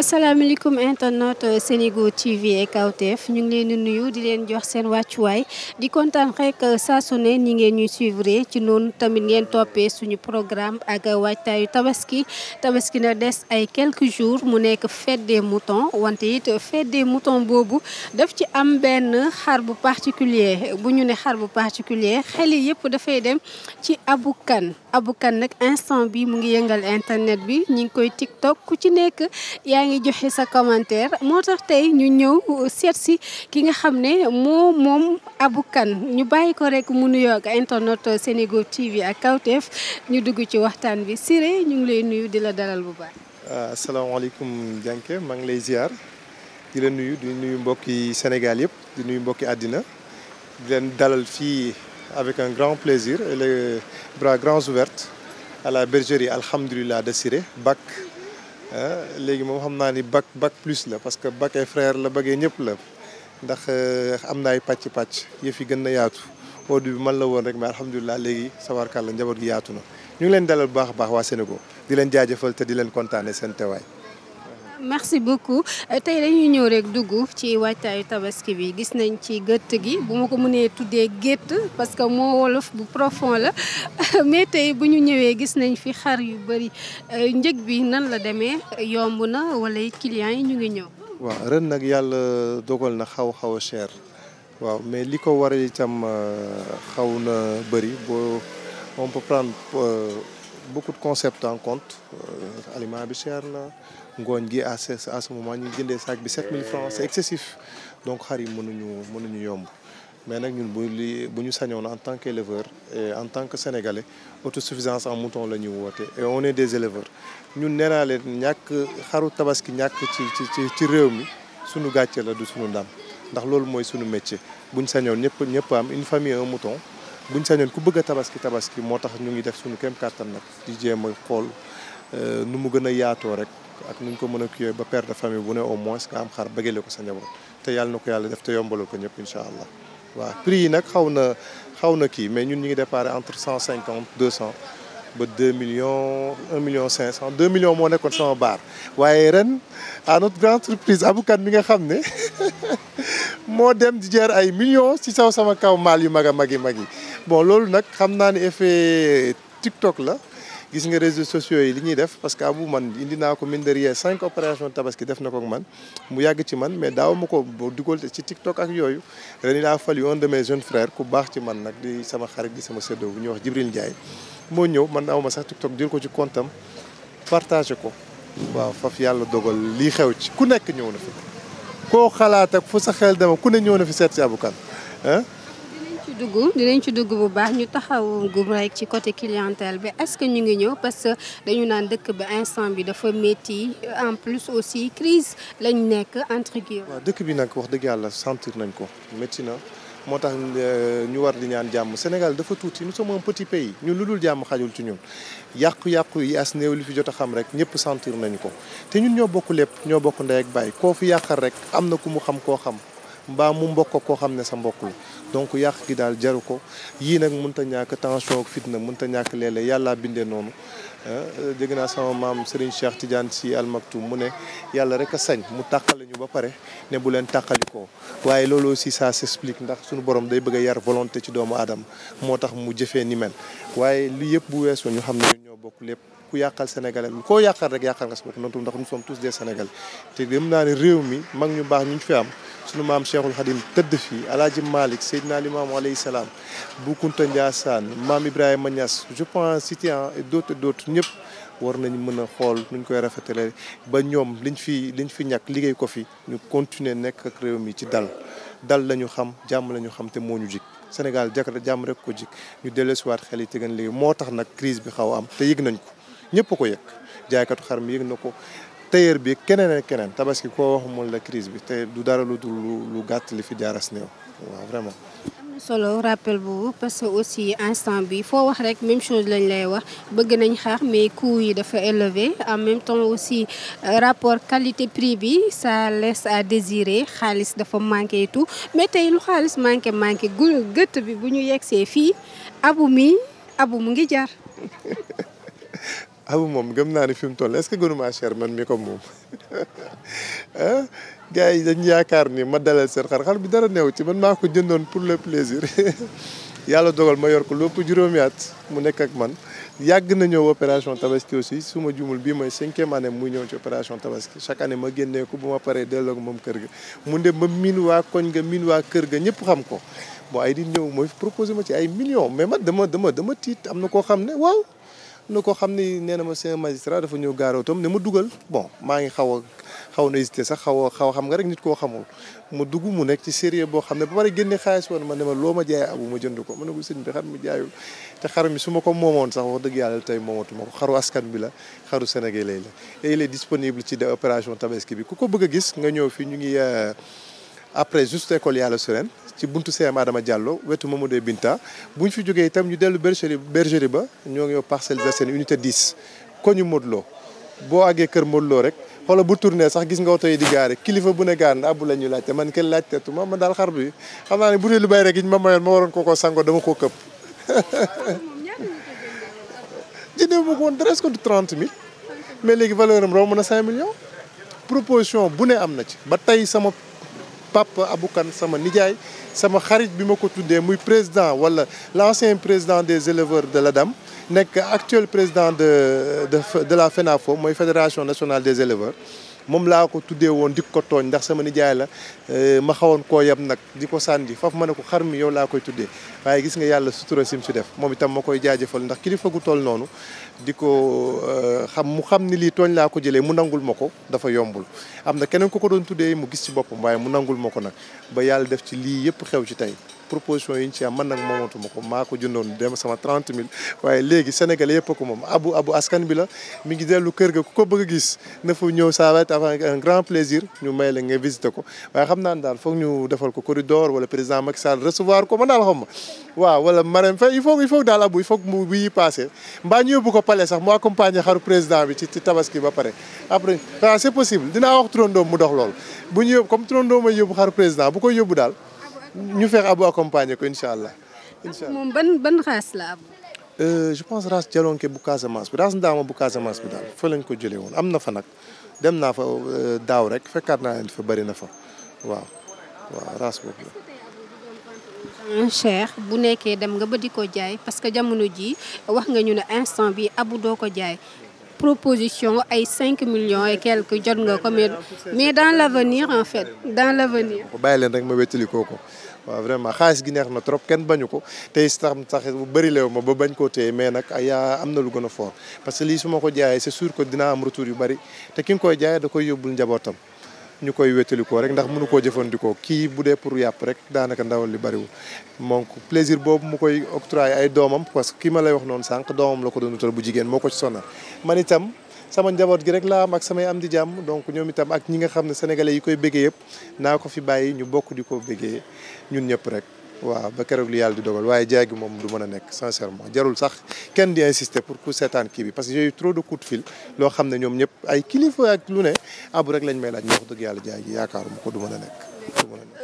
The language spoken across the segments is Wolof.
asalaamaaleykum internet Senego TV ak Kawtef ñu ngi leen di nuyu di leen jox seen wàccuwaay di kontaan rek euh, saa su ne ñi ngeen ñuy suivre ci noonu tamit ngeen toppee suñu programme ak waajtaayu tabaski tabaski na des ay quelques jours mu nekk fête des wante it feddee mouton boobu def ci am benn xar bu particulier bu ñu ne xar bu particulier xel yëpp dafay dem ci abu Kane abu kan nag instant bi mu ngi yëngal internet bi ñu ngi koy tiktok ku ci nekk yaa ngi joxe sa commentaire moo tax tey ñu ñëw seet si ki nga xam ne moo moom Abou Kane ñu bàyyi ko rek mu nuyoo ak internet Senego TV ak Kawtef ñu dugg ci waxtaan bi Siré ñu ngi lay nuyu di la dalal bu baax. Ah, asalaamaaleykum Dianké maa ngi lay ziar di la nuyu di nuyu Sénégal yëpp nuyu mbokki àddina dalal fii. avec un grand plaisir le les bras grands ouverts à la bergerie alhamdulilah de Siré bac léegi moom xam naa ni bac bac plus la parce que bac ay frère la bëggee ñëpp la ndax eh, am na ay pàcc pàcc yëf yi gën na yaatu au début man la woon rek mais alhamdulilah léegi sawarkàlla njaboot gi yaatu na ñu ngi leen dalal bu baax baax waa Sénégal di leen jaajëfal te di leen kontaane seen teewaay. merci beaucoup euh, tey dañuy ñëw rek dugg ci wàccaayu tabaski bi gis nañ ci gëtt gi bu ma ko mënee tuddee gétt parce que moo wolof bu profond la mais tey bu ñu ñëwee gis nañ fi xar yu bëri euh, njëg bi nan la demee yomb na wala clients yi ñu ngi ñëw. waaw ren nag yàlla dogal na xaw xaw a cher waaw mais li ko waral itam euh, xaw na bëri boo on peut prendre de concepts en compte aliment bi cher la ngooñ gi à à ce moment ñu jëndee sac bi 7000 francs excessif donc xar yi mënuñu mënuñu yomb mais nag ñun bu li bu ñu sañoon en tant qu'éleveur et en tant que sénégalais autosuffisance en mouton la ñu woote et on est des éleveurs ñun nee leen ñàkk xaru tabaski ñàkk ci ci ci réew mi sunu gàccee la du suñu dàmm ndax loolu mooy suñu métier buñ sañoon ñëpp ñëpp am une famille un mouton buñ sañoon ku bëgg a tabaski tabaski moo tax ñu ngi def suñu kéem kàttan nag di jéem a xool euh, nu mu gën a yaatoo rek ak nuñ ko mën a kiiwee ba père de famille bu ne au moins nga am xar bëggale ko sa njaboot te yàlla na ko yàlla def te yombalal ko ñëpp incha allah waaw prix yi nag xaw na xaw na kii mais ñun ñu ngi déparé entre cent cinquante deux cent ba deux millions un cinq cent deux millions moo nekkoon sama baar waaye ren à notre grande surprise abukat mi nga xam ne moo dem di jar ay millions ci saw sama kaw maal yu mag a mag yi mag yi bon loolu nag xam naa ni effet TikTok la gis nga réseaux sociaux yi li ñuy def parce que abu man indi naa ko mine de rien cinq opération tabaski def na ko man mu yàgg ci man mais daaw ma ko dugal ci TikTok ak yooyu ren laa fal un de mes jeunes frères ku baax ci man nag di sama xarit di sama séddoo bu ñu wax Jibril Ndiaye moo ñëw man aw ma sax TikTok jël ko ci compte am partagé ko waaw faf yàlla dogal lii xew ci ku nekk ñëw na fi koo xalaat ak fu sa xel dema ku ne ñëw na fi seet dugg dinañ ci dugg bu baax ñu taxaw gum rek ci côté clientèle bi est-ce que ñu ngi ñëw parce que dañu naan dëkk bi instant bi dafa métti en plus aussi crise lañ nekk entre guillemets. waaw dëkk bi nag wax dëgg yàlla sentir nañ ko métti na moo tax euh, ñu war di ñaan jàmm Sénégal dafa tuuti mu sommes un petit pays ñu lu dul jàmm xajul ci ñun yàqu-yàqu yi as néew li fi jot a xam rek ñëpp sentir nañ ko te ñun ñoo bokk lépp ñoo bokk ndey ak baay koo fi yàqal rek am na ku mu xam koo xam. mbaa mu mbokk koo xam ne sa mbokk la donc yàq gi daal jaru ko yii nag mun ta ñàkk tension ak fitna mënta ñàkk léeg-léeg yàllaa bindee noonu ah, dégg naa sama maam Serigne Cheikh Tidiane si almaktum mu ne yàlla rek a sañ mu tàqale ñu ba pare ne bu leen tàqalikoo waaye loolu aussi ça s'explique ndax suñu borom day bëgg a yar volonté ci doomu aadama moo tax mu jëfee ni mel waaye li yëpp bu weesoo ñu xam ne bokk lépp ku yàqal sénégalais bi koo yàqal rek yàqal nga sa bopp noonu tam ndax nous sommes tous des sénégalais te gëm naa ne réew mi mag ñu baax ñu fi am sunu maam Cheikhul Khadim tëdd fii alaaji Malick Seydina Limaamu alayhi salaam Bou Kounta Ndiassane maam Ibrahima Niass je pense cité et d'autres d'autres ñëpp war nañ mën a xool nuñ koy rafetale ba ñoom liñ fi liñ fi ñàkk liggéey ko fi ñu continuer nekk ak réew mi ci dal dal la ñu xam jàmm la ñu xam te moo ñu jik Sénégal jàkkaarloo jàmm rek ko jik ñu delloosiwaat xel yi te gën moo tax nag crise bi xaw am te yëg nañ ko ñëpp ko yëg jaaykatu xar mi yëg na ko tailleur bi keneen ak keneen tabaski ko wax la crise bi te du dara lu dul lu gàtt li fi jaaras néew waaw vraiment. solo rappel boobu parce que aussi instant bi foo wax rek même chose lañu lay wax bëgg nañ xaar mais coût yi dafa élevé en même temps aussi euh, rapport qualité prix bi ça laisse à désirer xaalis dafa manqué tout mais tey lu xaalis manqué manqué gu gëtt bi bu ñu yegsee fii abu mi abu mu ngi jar. abu moom gëm naa ne fi mu toll que gënu maa cher man mi ko moom gars yi dañ yaakaar ni ma dalal seen xar xar bi dara neew ci man maa ko jëndoon pour le plaisir yàlla dogal ma yor ko lépp juróomi at mu nekk ak man yàgg na ñëw opération tabaski aussi su ma jumul bii may cinquième année muy ñëw ci opération tabaski chaque année ma génnee ko bu ma paree delloo moom kër ga mu ne ma miin waa koñ ga miin waa kër ga ñëpp xam ko bon ay di ñëw mooy proposé ma ci ay millions mais man dama dama dama tiit am na koo xam ne waaw am na koo xam ni nee na ma c'est un dafa ñëw gaare otoom ne ma dugal bon maa ngi xaw xaw na hésité sax xaw xaw xam nga rek nit koo xamul ma dugg mu nekk ci sérieux boo xam ne ba pare génne xaalis woon ma ne ma loo ma jaay abu ma jënd ko ma ne ko mu bi xar mi jaayul te xar mi su ma ko moomoon sax wax dëgg yàlla tey moomatu ma ko xaru askan bi la xaru sénégalais la et il est disponible ci opération tabaski bi ku ko bëgg gis nga ñëw fii ñu ngi euh, après juste école Yàlla Sirène ci buntu CM Adama Diallo wetu Mamadou Binta bu ñu fi jógee itam ñu dellu bergerie bergerie ba ñoo ngi yow Parcelles Assainies unité 10 koñu Modou Lo boo àggee kër Modou Lo rek xoolal bu tourné sax gis nga oto yi di gaare kilifa bu ne gaar na abbu la ñu laajte man kenn laajteetu ma man daal xar bi xam naa ne bu dee lu bay rek ñu ma mayoon ma waroon kookoo sango dama koo këpp jëndee ma ko woon presque du 30 000 mais léegi valeur am romb na 5 millions proposition bu ne am na ci ba tey sama Pape Aboukan sama nijaay sama xarit bi ma ko tuddee muy président wala l'ancien président des éleveurs de la l'ADAM nekk actuel président de de de la FENAFO mooy fédération national des éleveurs moom laa ko tuddee woon dik ko tooñ ndax sama nijaay la euh, ma xawoon koo yem nag di ko sànni faf ma ne ko xar mi yow laa koy tuddee waaye gis nga yàlla sutura sim si def moom itam ma koy jaajëfal ndax kilifa gu toll noonu di ko euh, xam mu xam ni lii tooñ laa ko jëlee mu nangul ma ko dafa yombul am na keneen ku ko doon tuddee mu gis ci boppam waaye mu nangul ma ko nag ba yàlla def ci lii yëpp xew ci tey proposition yi ñu ci am ma nag moomatu ma ko maa ko jëndoon dem sama 30 000 waaye léegi sénégalais yëpp ko moom abu abu askan bi la mi ngi dellu kër ga ku ko bëgg a gis na fa ñëw ça va être un grand plaisir ñu may la nga visiter ko waaye xam naa ne daal foog ñu defal ko corridor wala président Macky Sall ma daal xam ma waaw wala ko jàppale sax mu accompagner xaru président bi ci ci tabaski ba pare après waaw ah, c'est possible dinaa wax turandoom mu dox loolu bu ñu yóbbu comme turandoom a yóbbu xaru président bu ko yóbbu daal ñu feex abu accompagner ko incha allah incha allah moom ban ban race la abu euh, je pense race bu Casamance bi race ndaama bu Casamance bi daal fa lañ ko jëlee woon am na fa nag dem naa fa euh, daaw rek fekkaat naa leen fa bëri na fa waaw waaw boobu la cher bu nekkee dem nga ba di ko jaay parce que jamono ji wax nga ñu ne instant bi abu doo ko jaay proposition ay cinq millions yi quelque jot nga ko mais mais dans l' avenir en fait dans l' bàyyi leen rek ma wétali kooku waa vraiment xaalis gi neex na trop kenn bañu ko te tey sax sax bu bëri leew ma ba bañ koo téye mais nag yaa am na lu gën a fort parce que lii su ma ko jaayee c' est sûr que dinaa am retour yu bëri te ki nga koy jaayee da koy yóbbul njabootam. ñu koy wétalikoo rek ndax mënu koo jëfandikoo kii bu dee pour yàpp rek daanaka ndawal li bariwul donc plaisir boobu mu koy octroyé ay doomam parce que kii ma lay wax noonu sànq doomam la ko doon bu jigéen moo ko ci sonal man itam sama njaboot gi rek laa am ak samay am di jàmm donc ñoom itam ak ñi nga xam ne sénégalais yi koy bëggee yëpp naa ko fi bàyyi ñu bokk di ko bëggee ñun ñëpp rek waaw ba keroog li yàlla di dogal waaye jaay gi moom du mën a nekk sincèrement jarul sax kenn di insister pour ku seetaan kii bi parce que j'ai eu trop de coups fil loo xam ne ñoom ñëpp ay kilifa ak lu ne abu rek lañ may laaj ma wax dëgg yàlla jaay gi yaakaaruma ko du mën a nekk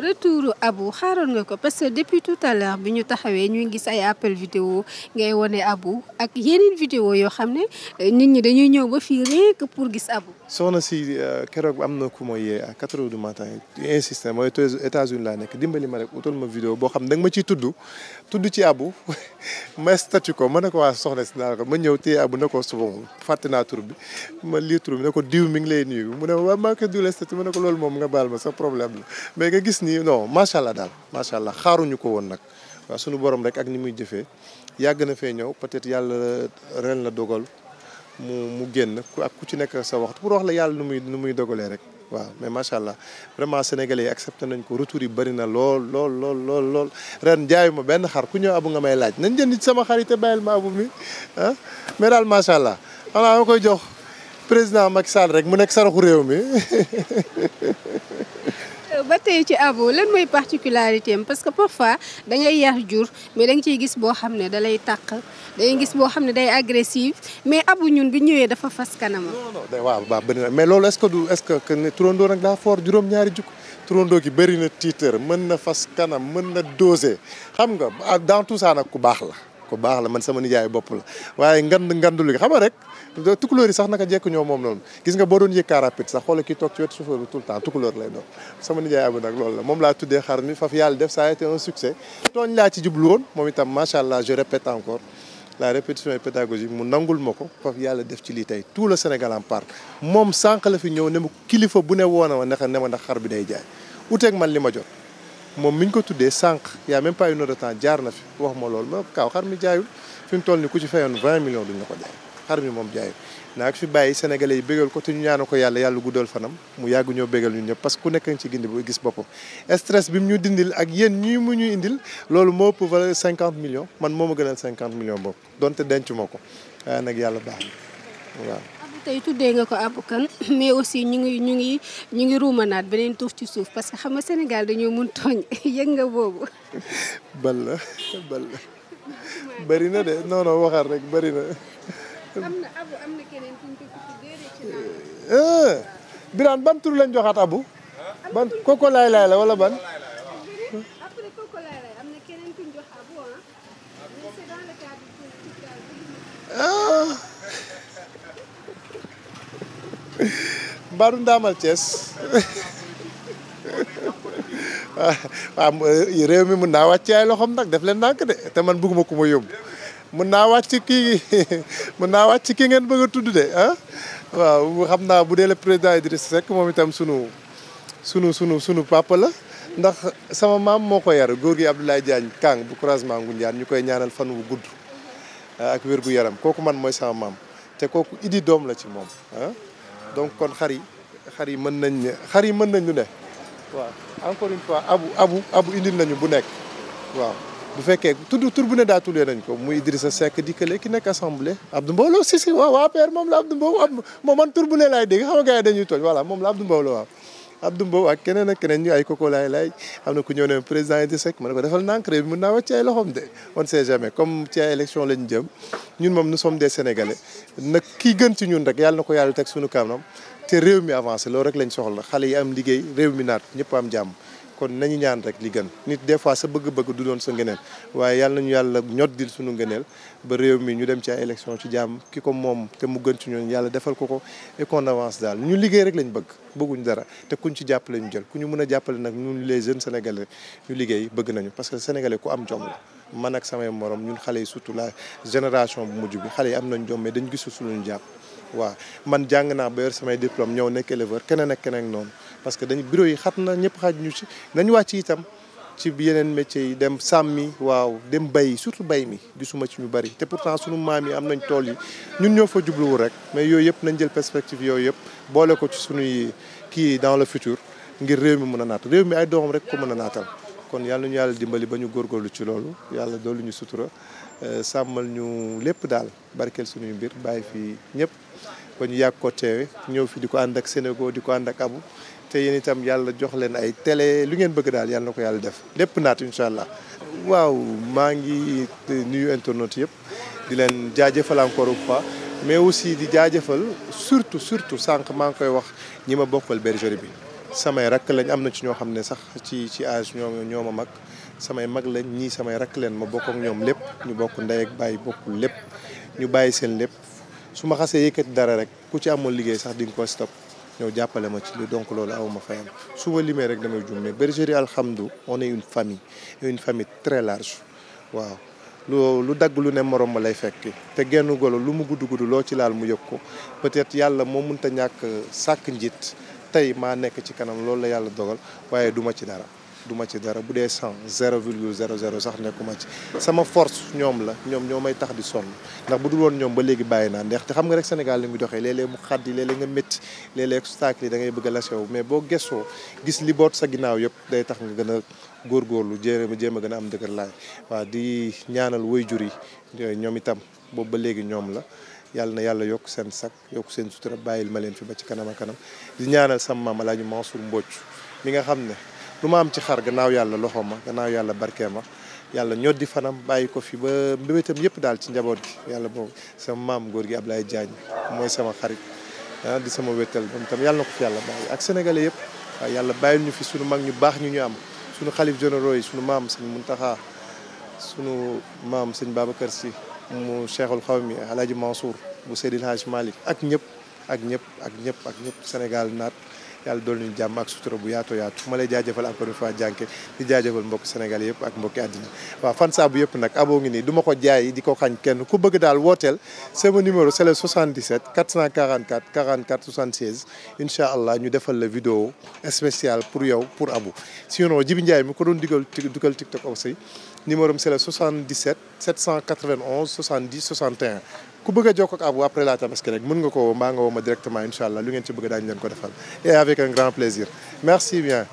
retour Abou xaaroon nga ko parce que depuis tout à bi ñu taxawee ñuy gis ay appel vidéo ngay wone Abou ak yeneen vidéo yoo xam ne euh, nit ñi dañuy ñëw ba fii rek pour gis Abou. soxna si euh, keroog am na ku ma yee à quatre heures du matin insisté mooy États-Unis laa nekk dimbali ma rek utal ma vidéo boo xam ne da nga ma ciy tudd tudd ci Abou ma statut ko ma ne ko waa soxna si naa ko ma ñëw téye Abou na ko suba fàtte naa tur bi ma lii tur bi ne ko diw mi ngi lay nuyu mu ne ma maa ko loolu moom nga baal ma sa problème no non macha allah daal macha allah xaaruñu ko woon nag waaw sunu borom rek ak ni muy jëfee yàgg na fee ñëw peut-être yàlla ren la dogal mu mu génn ak ku ci nekk sa waxtu pour wax la yàlla nu muy nu muy dogalee rek. waaw mais macha allah vraiment sénégalais yi accepté nañ ko retour yi bëri na lool lool lool ren jaayu ma benn xar ku ñëw abu nga may laaj nañ jënd ci sama xarité bàyyil ma abu mi ah mais daal macha allah xanaa ma koy jox président Macky Sall rek mu nekk saraxu réew mi ba tey ci abo lan mooy particularité am parce que parfois da ngay yar jur mais da nga ciy gis boo xam ne dalay lay tàq da gis boo xam ne day agressif mais abu ñun bi ñëwee dafa fas kanamam. non waaw waaw bëri na mais loolu est-ce que du est-ce que ne turandoo nag daa fort juróom-ñaari jukk turandoo gi bëri na tiitër mën na fas kanam mën na doser xam nga dans tout ak ku baax la. ku baax la man sama nijaayu bopp la waaye ngand ngandul gi xam nga rek. tukulóor yi sax naka jekk ñoo moom noonu gis nga boo doon yëg car rapide sax xoola kii toog ci wetu chauffeur bi tout le temps tukulóor lay doon sama nijaay abu nag loolu la moom laa tuddee xar mi faf yàlla def ça a été un succès tooñ laa ci jublu woon moom itam macha allah je répète encore la répétition et pédagogie mu nangul ma ko faf yàlla def ci lii tey tout le Sénégal en parle moom sànq la fi ñëw ne mu kilifa bu ne woona ma ndax ne ma ndax xar bi day jaay uteeg man li ma jot moom mi ñu ko tuddee sànq yaa même pas jaar na fi wax ma loolu ma kaaw xar mi jaayul fi mu ku ci fayoon 20 millions duñ la ko xar mi moom jaay naag fi bàyyi sénégalais yi bégal ko te ñu ñaana ko yàlla yàlla guddal fanam mu yàgg ñoo bégal ñun ñëpp parce que ku nekk nga ci gindi bu gis boppam stress bi mu ñu dindil ak yéen ñii mu ñu indil loolu moo ëpp valeur cinquante millions man moo ma gënal cinquante millions boobu donte denc ma ko waaye nag yàlla baax na waaw tey tuddee nga ko Abou Kane mais aussi ñu ngi ñu ngi ñu ngi ruumanaat beneen tuuf ci suuf parce que xam nga Sénégal dañoo mun tooñ yëg nga boobu. bal la bal la bëri na de non non rek bëri na. Eh, Birane ban tur lañ joxaat abu ban koko laay la wala ban. mbaaru ah. ah. ndaamal Thiès waaw ah, réew mi mun naa wàcc ay loxoom nag def leen ndànk de te man bëgguma ku yóbbu. mën naa wàcc kii mën naa wàcc ki ngeen bëgg a tudd de ah waaw xam naa bu dee la président Idriss Seck moom itam sunu sunu sunu sunu papa la ndax sama maam moo ko yar góor gi Abdoulaye Diagne Kang bu croisement Ngoundiane ñu koy ñaanal fan wu gudd ah, ak wér gu yaram kooku man mooy sama maam te kooku idi doom la ci moom ah donc kon xar yi xar yi mën nañ xar yi mën nañ lu ne waaw encore une fois abu abu abu indi nañu bu nekk waaw bu fekkee tudd tur bu ne daa tulee nañ ko muy Idrissa Seck di kële ki nekk assemblée Abdou Mbow la si si waaw waa APR moom la man tur bu dégg xam nga yi dañuy tooñ voilà moom la Abdou Mbow la waaw Abdou Mbow ak keneen ak keneen ñu ay koko laay laay am na ku ñëw ne président Idrissa Seck ma ne ko defal nànk réew bi mën naa wàcc ci ay loxoom de on sait jamais comme ci ay élection lañ jëm ñun moom nous sommes des sénégalais nag kii gën ci ñun rek yàlla na ko yàlla teg suñu kanam te réew mi avancé loolu rek lañ soxla xale yi liggéey réew mi naat ñëpp am jàmm kon nañu ñaan rek li gën nit des fois sa bëgg-bëgg du doon sa ngeneen waaye yàlla nañu yàlla ñot di suñu ngëneel ba réew mi ñu dem ci ay ci jàmm ki ko moom te mu gën ci ñoon yàlla defal ko ko et qu'on avance daal ñu liggéey rek lañ bëgg bëgguñ dara te kuñ ci jàppale ñu jël ku ñu mën a jàppale nag ñun les jeunes sénégalais ñu liggéey bëgg nañu parce que sénégalais ku am jom la man ak samay morom ñun xale yi surtout la génération bu mujj bi xale yi am nañ jom mais dañ gisul suñu jàpp waaw man jàng naa ba yor samay diplôme ñëw nekk éleveur keneen ak keneen noonu parce que dañu bureau yi xat na ñëpp xaaj ñu ci nañ wàcc itam ci yeneen métiers yi dem sàmmi waaw dem bay surtout bay mi gisuma ci ñu bari te pourtant suñu maam yi am nañ tool yi ñun ñoo fa jubluwul rek mais yooyu yëpp nañ jël perspective yooyu yëpp boole ko ci suñuy kii dans le futur ngir réew mi mën a naat réew mi ay doomam rek ko mën a naatal kon yàlla ñu yàlla dimbali ba ñu góorgóorlu ci loolu yàlla doolu ñu sutura euh, sàmmal ñu lépp daal barkeel sunuy mbir bàyyi fi ñëpp ba ñu yàgg ko teewe ñëw fi di ko ànd ak di ko ànd ak abu te yéen itam yàlla jox leen ay tele lu ngeen bëgg daal yàlla ko yàlla def lépp naat incha allah. waaw maa ngi nuyu internautes yëpp di leen jaajëfal encore une fois mais aussi di jaajëfal surtout surtout sànq maa ngi koy wax ñi ma bokkal bergerie bi. samay rakk lañ am na ci ñoo xam ne sax ci ci âge ñoo ma mag samay mag lañ ñi samay rakk leen ma bokk ñoom lépp ñu bokk ndey ak bàyyi bokkul lépp ñu bàyyi seen lépp su ma xasee yëkkati dara rek ku ci amoon liggéey sax di nga stop. ñëw jàppale ma ci lu donc loolu aw ma fayam su ma limee rek damay jum mais bergerie alhamdu on est une famille une famille très waaw lu lu dagg lu ne morom ma lay fekk te genn golo lu mu gudd gudd loo ci laal mu yëg ko peut-être yàlla moo mënta ñàkk sàkk njiit tey maa nekk ci kanam loolu la yàlla dogal waaye duma ci dara du ma ci dara bu dee cent zéro virgule zéro zéro sax nekkuma ci sama force ñoom la ñoom ñoo may tax di sonn ndax bu dul woon ñoom ba léegi bàyyi naa ndax te xam nga rek Sénégal li mu doxee léeg mu xaddi léeg-léeg nga métti léeg-léeg obstacle yi da ngay bëgg a mais boo gëstoo gis li boot sa ginnaaw yëpp day tax nga gën a góorgóorlu jéem a jéem a gën a am dëgër laay waaw di ñaanal waajur yi ñoom itam boobu ba léegi ñoom la yàlla na yàlla yokk seen sac yokk seen sutura bàyyil ma leen fi ba ci kanama a kanam di ñaanal sama maam Alaaji Mansour Mbocc mi nga xam ne lu ma am ci xar gannaaw yàlla loxo ma gannaaw yàlla barkee ma yàlla ñoddi fanam bàyyi ko fi ba mbébétam yëpp daal ci njaboot gi yàlla boobu sama maam góor gi lay Diagne mooy sama xarit ah, di sama wéttal moom tam yàlla na ko fi yàlla bàyyi ak sénégalais yëpp waaw yàlla bàyyil ñu fi suñu mag ñu baax ñu ñu am suñu xalif généraux yi suñu maam sëñ Muntaxa sunu maam sëñ Babacar Si mu cheikhul xawmi Alaaji Mansour bu Seydil Hadj Malick ak ñëpp ak ñëpp ak ñëpp ak ñëpp Sénégal naat yàlla dool ñu jàmm ak sutura bu yaato yaatu ma lay jaajëfal encore une fois jànke di jaajëfal mbokk Sénégal yëpp ak mbokki àddina waaw fan saa bu yëpp nag aboo ngi nii du ma ko jaay di ko xañ kenn ku bëgg daal wooteel sama numéro c'est le 77 444 44 76 incha allah ñu defal la vidéo spéciale pour yow pour Abou sinon Jibi Ndiaye mi ko doon dugal dugal TikTok aussi numéro am c'est le 77 791 70 61 ku bëgg a jokkoo ak Abou après la tabaski rek woo mbaa woo ma directement incha lu ngeen ci bëgg daañu leen ko defal et avec un grand plaisir merci bien